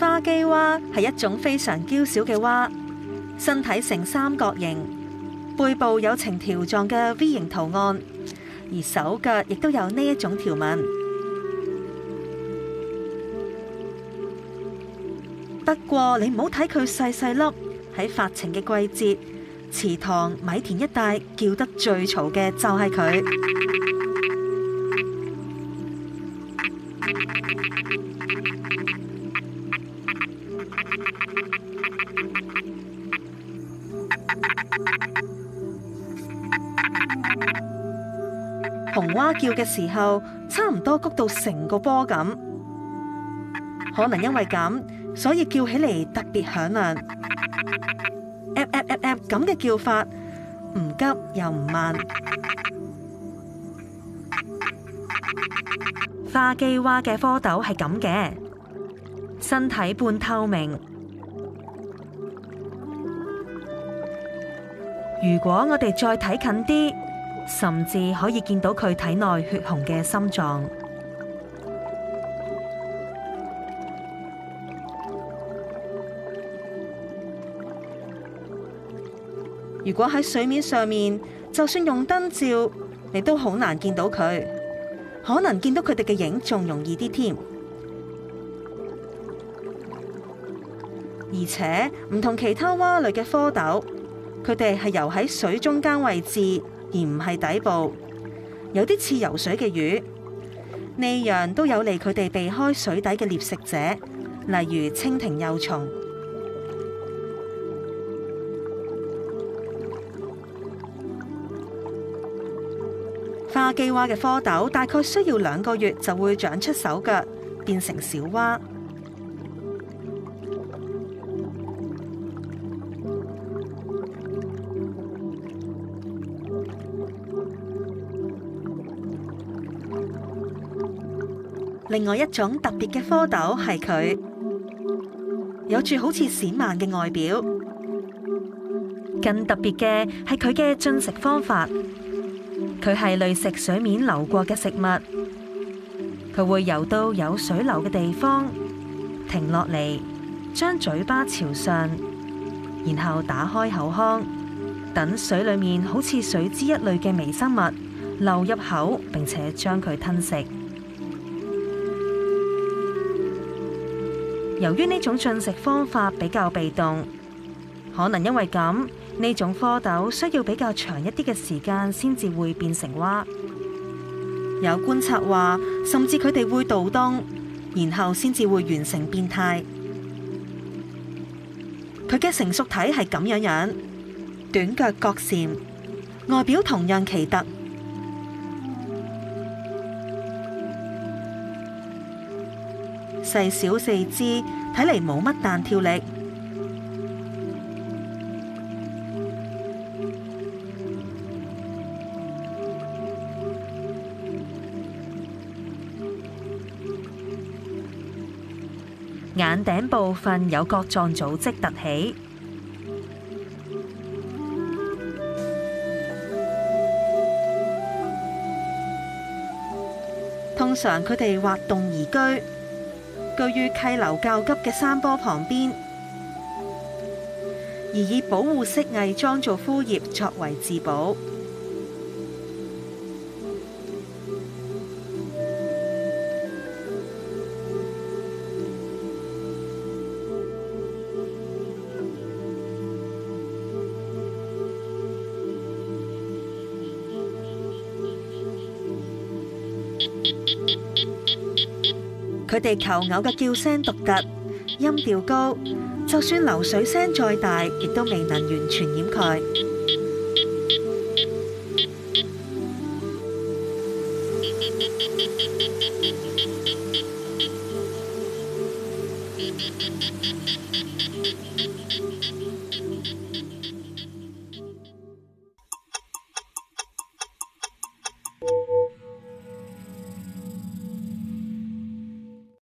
花姬蛙係一種非常嬌小嘅蛙，身體呈三角形，背部有呈條狀嘅 V 形圖案，而手腳亦都有呢一種條紋。不過你唔好睇佢細細粒，喺發情嘅季節，池塘、米田一帶叫得最嘈嘅就係佢。雄蛙 叫嘅時候，差唔多谷到成個波咁。可能因為咁，所以叫起嚟特別響亮。咁嘅叫法，唔急又唔慢。花姬蛙嘅蝌蚪係咁嘅，身體半透明。如果我哋再睇近啲，甚至可以見到佢體內血紅嘅心臟。如果喺水面上面，就算用燈照，你都好難見到佢，可能見到佢哋嘅影仲容易啲添。而且唔同其他蛙類嘅蝌蚪，佢哋係游喺水中間位置，而唔係底部。有啲似游水嘅魚，呢樣都有利佢哋避開水底嘅獵食者，例如蜻蜓幼蟲。花姬蛙嘅蝌蚪大概需要兩個月就會長出手腳，變成小蛙。另外一種特別嘅蝌蚪係佢，有住好似閃慢嘅外表。更特別嘅係佢嘅進食方法。佢係濾食水面流過嘅食物，佢會游到有水流嘅地方停落嚟，將嘴巴朝上，然後打開口腔，等水裏面好似水蚤一類嘅微生物流入口，並且將佢吞食。由於呢種進食方法比較被動，可能因為咁。呢種蝌蚪需要比較長一啲嘅時間先至會變成蛙。有觀察話，甚至佢哋會度冬，然後先至會完成變態。佢嘅成熟體係咁樣樣，短腳角蟾，外表同樣奇特，細小四肢，睇嚟冇乜彈跳力。眼頂部分有角狀組織突起，通常佢哋挖洞而居，居於溪流較急嘅山坡旁邊，而以保護色藝裝造枯葉作為自保。佢哋求偶嘅叫聲獨特，音調高，就算流水聲再大，亦都未能完全掩蓋。